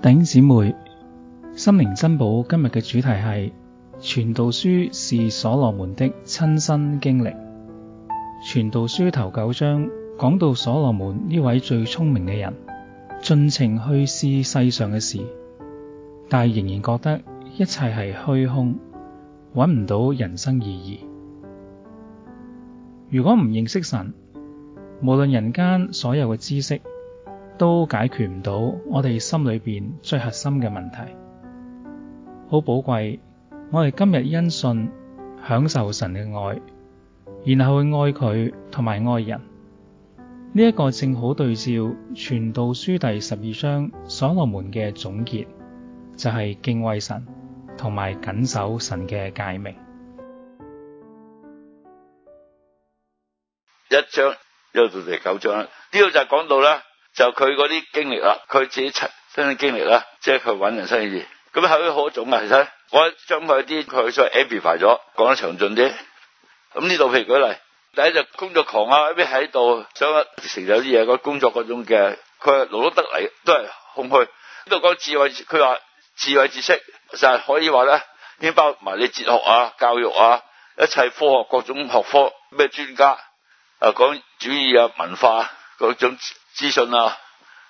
頂姊妹，心靈珍寶今日嘅主題係《傳道書》，是所羅門的親身經歷。傳道書頭九章講到所羅門呢位最聰明嘅人，盡情去試世，世上嘅事，但仍然覺得一切係虛空，揾唔到人生意義。如果唔認識神，無論人間所有嘅知識，都解決唔到我哋心裏邊最核心嘅問題，好寶貴。我哋今日因信享受神嘅愛，然後去愛佢同埋愛人。呢、這、一個正好對照傳道書第十二章所羅門嘅總結，就係、是、敬畏神同埋謹守神嘅誡命。一章又到第九章，呢個就是講到啦。就佢嗰啲經歷啦，佢自己親身嘅經歷啦，即係佢揾人生意咁，係好多種嘅。其實我將佢啲佢所謂 amplify 咗，講得詳盡啲。咁呢度譬如舉例，第一就是、工作狂啊，一邊喺度想成就啲嘢，個工作嗰種嘅，佢係勞碌得嚟，都係空虛。呢度講智慧，佢話智慧知識就係可以話咧，包埋你哲學啊、教育啊、一切科學各種學科咩專家啊，講主義啊、文化嗰、啊、種。資訊啊，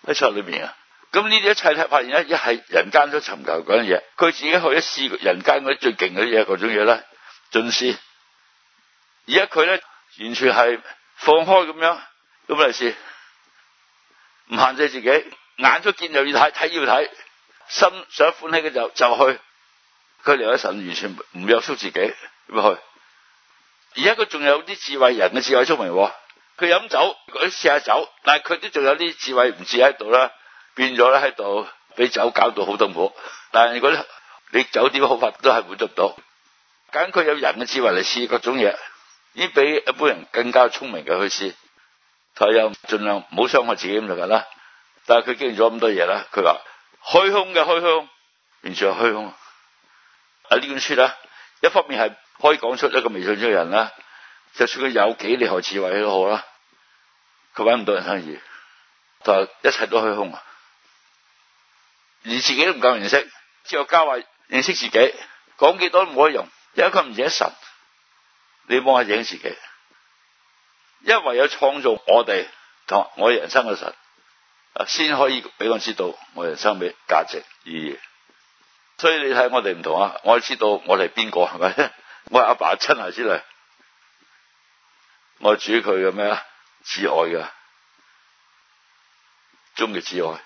喺桌裏面啊，咁呢啲一切發現咧，一係人間都尋求嗰樣嘢，佢自己去一試人間嗰啲最勁嗰啲嘢，嗰種嘢呢，盡試。而家佢咧完全係放開咁樣，咁嚟試，唔限制自己，眼都見又要睇，睇要睇，心想歡喜嘅就就去，佢留一神完全唔約束自己，咪去？而家佢仲有啲智慧人，人嘅智慧聰明喎、啊。佢飲酒，佢試下酒，但係佢都仲有啲智慧唔智喺度啦，變咗呢，喺度，俾酒搞到好痛苦。但係如果你酒點好法，都係滿足唔到，揀佢有人嘅智慧嚟試各種嘢，已經比一般人更加聰明嘅去試。佢又盡量唔好傷害自己咁就緊啦。但係佢經歷咗咁多嘢啦，佢話虛空嘅虛空，完全係虛空。啊，呢本書啦，一方面係可以講出一個未信主嘅人啦，就算佢有幾厲害智慧都好啦。佢搵唔到人生意，同埋一切都虛空啊！而自己都唔夠認識，之後教話認識自己，講幾多都冇用，因為佢唔認識神。你幫我影自己，因為有創造我哋同我人生嘅神，啊，先可以俾我知道我人生嘅價值意義。所以你睇我哋唔同啊！我知道我哋邊個係咪？我係阿爸親愛之類，我係主佢嘅咩？摯愛噶，中嘅摯愛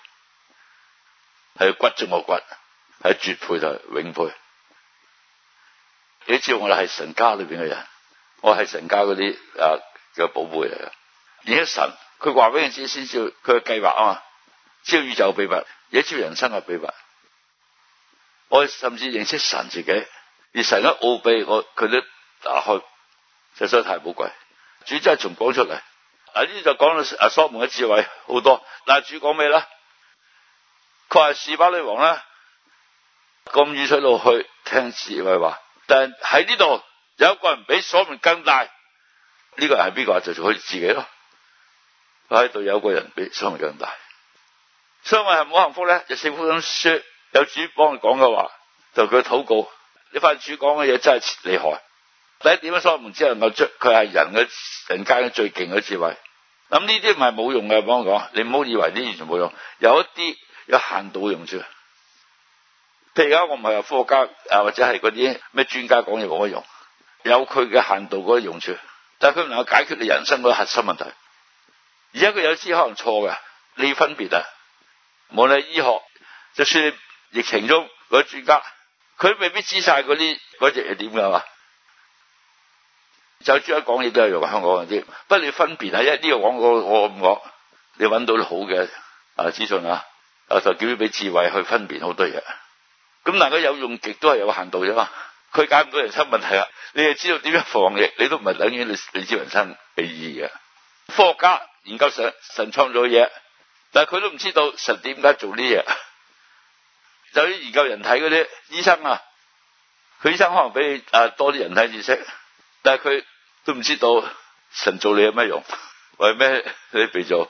係骨中嘅骨，係絕配就永配。你知我哋係神家裏邊嘅人，我係神家嗰啲誒嘅寶貝嚟嘅。而、啊、且神佢話俾你知，先知佢嘅計劃啊嘛，知宇宙嘅秘密，而且知人生嘅秘密。我甚至認識神自己，而神嘅奧秘，我佢都打開，實在太寶貴。主真係從講出嚟。嗱呢啲就講到啊所羅門嘅智慧好多，嗱主講咩啦？佢話示巴女王啦，咁易出到去聽智慧話，但喺呢度有一個人比所羅門更大，呢、這個人係邊個啊？就佢自己咯。喺度有一個人比所羅門更大，雙慧係唔好幸福咧？就聖父想說，有主幫佢講嘅話，就佢禱告。你發現主講嘅嘢真係厲害。第一點咧，所以我們只能夠追佢係人嘅人間嘅最勁嘅智慧。咁呢啲唔係冇用嘅，幫我講，你唔好以為呢完全冇用，有一啲有限度用處。譬如而家我唔係話科學家啊，或者係嗰啲咩專家講嘢冇乜用，有佢嘅限度嗰啲用處，但係佢唔能夠解決你人生嘅核心問題。而家佢有啲可能是錯嘅，你要分別啊。無論醫學，就算是疫情中嗰啲專家，佢都未必知晒嗰啲嗰隻係點嘅嘛。那個是怎樣的。就專一講嘢，都係用香港人啲，不過你分辨下，因為呢個廣告我唔講，你揾到好嘅啊資訊啊，啊就叫啲俾智慧去分辨好多嘢。咁但佢有用極都係有限度啫嘛。佢解唔到人生問題啦，你係知道點樣防疫，你都唔係等於你你知人生嘅意義嘅。科學家研究上神創造嘢，但係佢都唔知道神點解做呢嘢。就啲研究人體嗰啲醫生啊，佢醫生可能比你啊多啲人體知識，但係佢。都唔知道神做你有咩用？為咩你被做？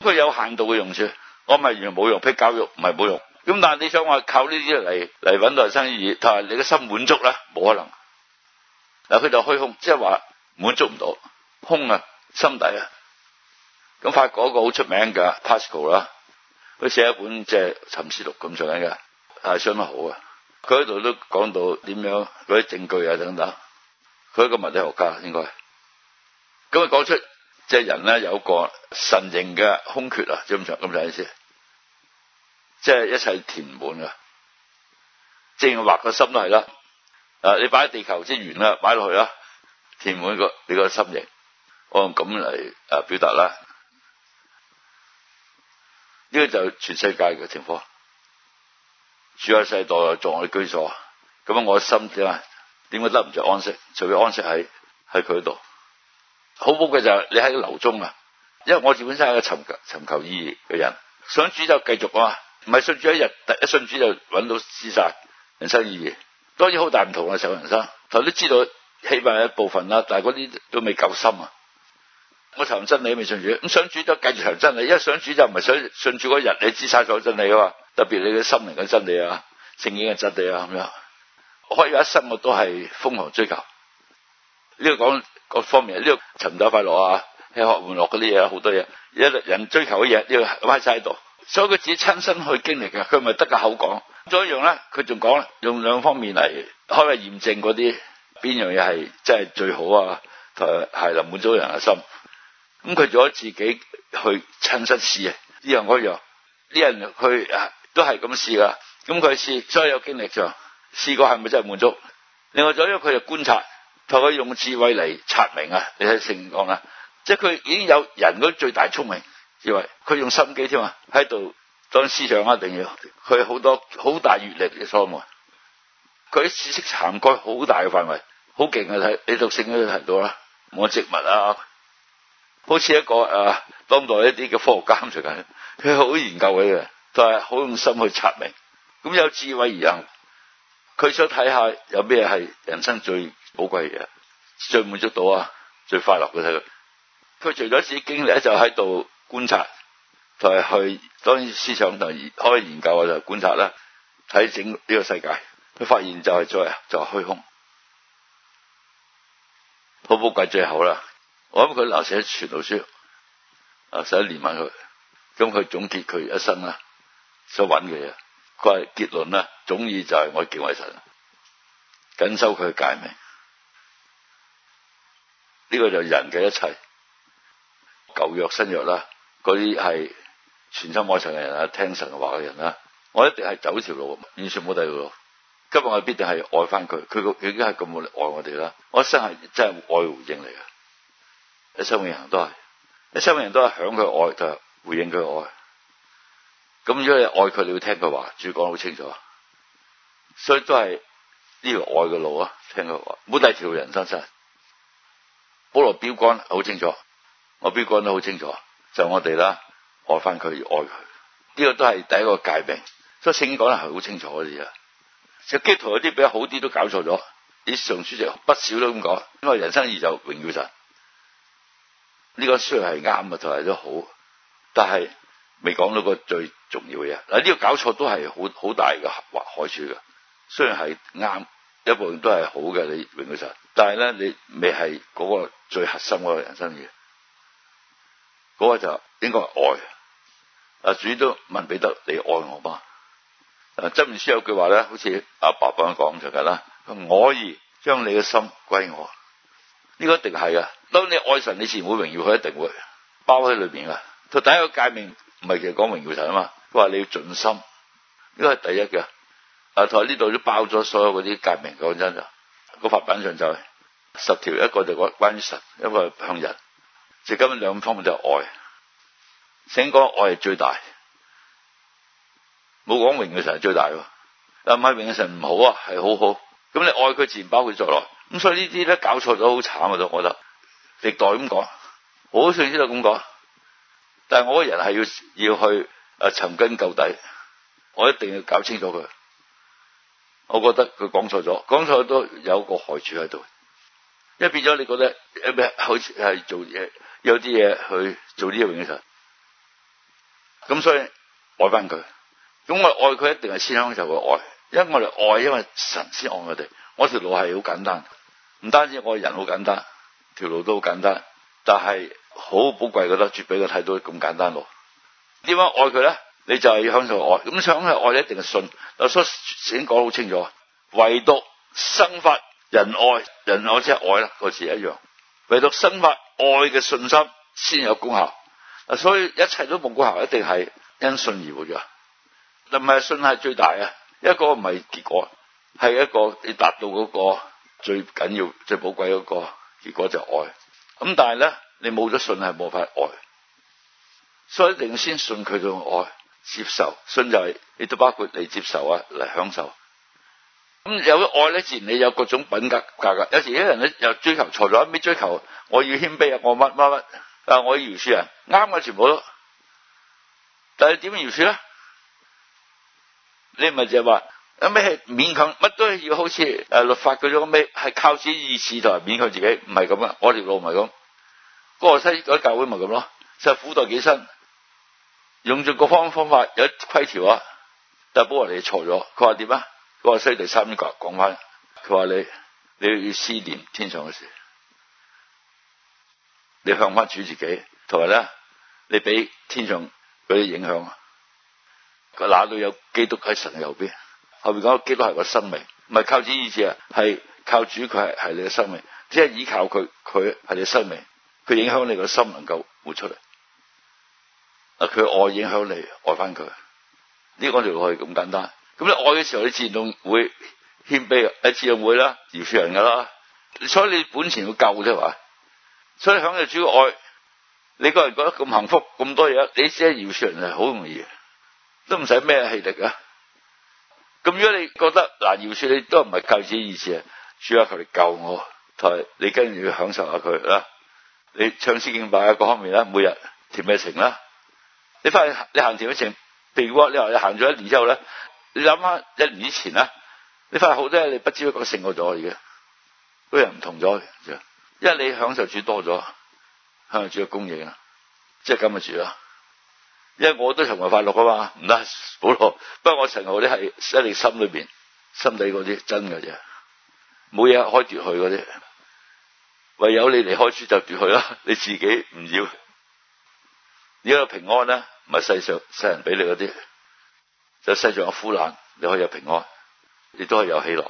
佢有限度嘅用處。我唔係完全冇用，譬如教育唔係冇用。咁但係你想話靠呢啲嚟嚟搵到人生意義，但係你嘅心滿足咧？冇可能。嗱，佢就虛空，即係話滿足唔到，空啊，心底啊。咁法國一個好出名嘅 Pascal 啦，佢寫一本即係《沉思錄》咁樣嘅，係相當好呀。佢喺度都講到點樣嗰啲證據啊等等。佢一個物理學家應該咁啊，講出只人咧有個神形嘅空缺啊，即係咁樣咁樣意思，即係一切填滿嘅，正畫個心都係啦。啊，你擺地球即係圓啦，擺落去啦，填滿個你個心形，我用咁嚟啊表達啦。呢個就全世界嘅情況，主啊世代作我居所，咁啊我心點啊？點解得唔着安息？除非安息喺喺佢度。好寶貴嘅就係你喺流中啊！因為我自本身係一個尋求尋求意義嘅人，信主就繼續啊，唔係信主一日，第一信主就搵到自殺人生意義。當然好大唔同啊，成個人生頭都知道起碼一部分啦，但係嗰啲都未夠深啊。我尋真理未信主。咁信主就繼續尋真理。一信主就唔係想信主嗰日你自殺咗真理啊嘛，特別你嘅心靈嘅真理啊、聖經嘅真理啊咁樣。我開一生我都係瘋狂追求，呢個講各方面，呢個尋找快樂啊、吃喝玩樂嗰啲嘢，好多嘢，一人追求嘅嘢，要歪晒度。所以佢自己親身去經歷嘅，佢咪得個口講。咁仲有一樣咧，佢仲講用兩方面嚟開個驗證嗰啲邊樣嘢係真係最好啊，同係能滿足人嘅心。咁佢做咗自己去親身試，呢樣嗰樣，呢人去都係咁試噶。咁佢試，所以有經歷就。試過係咪真係滿足？另外仲有，佢就觀察，同佢用智慧嚟查明啊。你睇性講啦，即係佢已經有人嗰最大聰明智慧，佢用心機添啊，喺度當思想一定要佢好多好大閱歷嘅所羅門，佢知識涵蓋好大嘅範圍，好勁啊！睇你讀聖嘅睇到啦，冇植物啊，好似一個誒當代一啲嘅科學家咁樣，佢好研究嘅，就係好用心去查明，咁有智慧而行。佢想睇下有咩係人生最寶貴嘢，最滿足到啊，最快樂嘅睇佢。佢除咗自己經歷就喺度觀察就埋、是、去，當然思想同開研究啊，就觀察啦，睇整呢個世界。佢發現就係再就係、是、虛空。好寶貴，最好啦。我諗佢留寫傳道書，啊寫一年文佢，咁佢總結佢一生啦，所揾嘅嘢，佢係結論啦。總意就係我敬畏神，緊守佢嘅誡命。呢個就係人嘅一切舊約新約啦。啲係全心愛神嘅人啊，聽神嘅話嘅人啦。我一定係走一條路，完全冇第二條路。今日我必定係愛翻佢，佢個佢已經係咁愛我哋啦。我一生係真係愛的回應嚟嘅。一生命人都係一生命人都係響佢愛，就回應佢愛。咁如果你愛佢，你要聽佢話，主講得好清楚。所以都係呢條愛嘅路啊！聽佢話，冇第二條人生。真係保羅標杆好清楚，我標杆都好清楚，就我哋啦，愛返佢，愛佢。呢、這個都係第一個誡命，所以聖經講得係好清楚嗰啲啊。就基督徒有啲比較好啲都搞錯咗，啲上主席不少都咁講，因為人生意義就榮耀神。呢、這個雖然係啱啊，但係都好，但係未講到個最重要嘅嘢嗱，呢、這個搞錯都係好好大嘅害害處噶。雖然係啱，一部分都係好嘅，你榮耀神，但係咧你未係嗰個最核心嗰個人生嘢，嗰、嗰個就應該係愛。阿主都問彼得：你愛我嗎？啊，箴言書有句話咧，好似阿爸咁樣講就㗎啦，我可以將你嘅心歸我，呢個一定係噶。當你愛神，你自然會榮耀佢，一定會包喺裏面噶。佢第一個誡命唔係其實講榮耀神啊嘛，佢話你要盡心，呢個係第一嘅。啊！台呢度都包咗所有嗰啲誡命，講真就、個法版上就係，十條一個就講關於神，一個向人，即係根本兩方面就係愛。醒講，愛係最大，冇講榮嘅神係最大喎。但唔係榮嘅神唔好啊，係好好咁。你愛佢自然包括在內。咁所以呢啲咧搞錯咗好慘，我我覺得歷代咁講，好似知道咁講，但係我個人係要要去、啊、尋根究底，我一定要搞清楚佢。我覺得佢講錯咗，講錯都有一個害處喺度，因為變咗你覺得好似係做嘢，有啲嘢去做啲嘢，永遠就咁，所以愛翻佢，咁我愛佢一定係先享受嘅愛，因為我哋愛因為神先愛我哋，我條路係好簡單，唔單止愛人好簡單，條路都好簡單，但係好寶貴嘅，絕看得絕俾佢睇到咁簡單路，點樣愛佢咧？你就係要相信愛，咁相信愛一定係信。所以已經講好清楚，唯獨生發仁愛，仁愛即係愛啦，嗰個字一樣。唯獨生發愛嘅信心先有功效。嗱，所以一切都冇功效，一定係因信而活嘅。唔係信係最大啊，一個唔係結果，係一個你達到嗰個最緊要、最寶貴嗰個結果就係愛。咁但係咧，你冇咗信係冇法愛，所以一定要先信佢嘅愛。接受信就係你都包括你接受啊嚟享受，咁有咗愛咧，自然你有各種品格價格，格。有時啲人咧又追求財財，咩追求我要謙卑啊，我乜乜乜啊，我要饒恕人，啱嘅、啊、全部都，但係點饒恕咧？你咪就係話咩味勉強，乜都要好似誒、啊、律法嗰種，咩？一味係靠自己意思同埋勉強自己，唔係咁啊！我條路唔係咁，歌羅西嗰啲教會咪咁咯，就苦待己身。用咗各方方法有規條啊，但係保羅你錯咗，佢話點啊？佢話西第三章講講翻，佢話你你要思念天上嘅事，你向翻主自己，同埋咧，你俾天上嗰啲影響，那裏有基督喺神嘅右邊？後面講基督係個生命，唔係靠，靠主意志啊，係靠主佢係你嘅生命，即係依靠佢，佢係你嘅生命，佢影響你個心能夠活出嚟。佢愛影響你，愛翻佢，呢個條路係咁簡單。咁你愛嘅時候，你自然會謙卑一次自然會啦，饒恕人㗎啦。所以你本錢要夠啫嘛。所以享受主嘅愛，你個人覺得咁幸福，咁多嘢，你只係饒恕人係好容易，都唔使咩氣力啊。咁如果你覺得嗱，饒恕你都唔係靠自己意志啊，主要求你救我，同你跟住要享受下佢啦，你唱詩敬拜啊，各方面啦，每日甜咩情啦。你翻去你行條一程，譬如你話你行咗一年之後咧，你諗翻一,一年以前呢，你發現好多嘢你不知不覺勝過咗，已經都人唔同咗，就，因為你享受住多咗，享受住個供應啊，即係咁日住咗。因為我都尋求快樂㗎嘛，唔得，好咯，不過我成日啲係喺你心裏邊、心底嗰啲真㗎啫，冇嘢開奪去嗰啲，唯有你離開主就奪去啦，你自己唔要。而家嘅平安咧，唔係世上世人俾你嗰啲，就是，世上有苦難，你可以有平安，亦都係有喜樂。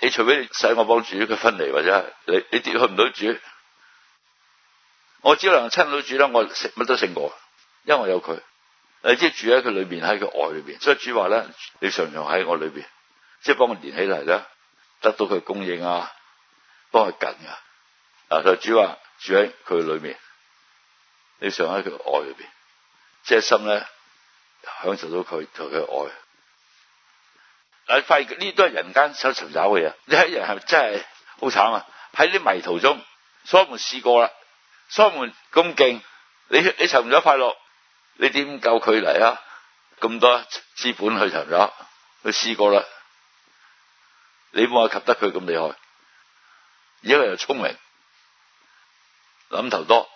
你除非你使我幫主佢分離，或者你你跌去唔到主，我只能親到主啦。我食乜都食我，因為我有佢。誒，即係住喺佢裏面，喺佢外裏邊。所以主話咧，你常常喺我裏邊，即係幫我連起嚟咧，得到佢供應啊，幫佢緊啊。嗱，就主話住喺佢裏面。你想喺佢嘅愛裏邊，即係心咧享受到佢佢嘅愛。嗱，發現呢啲都係人間想尋找嘅嘢。你喺人係咪真係好慘啊！喺啲迷途中，所門試過啦，所門咁勁，你你尋唔咗快樂，你點夠佢嚟啊？咁多資本去尋找，去試過啦，你冇話及得佢咁厲害。而家又聰明，諗頭多。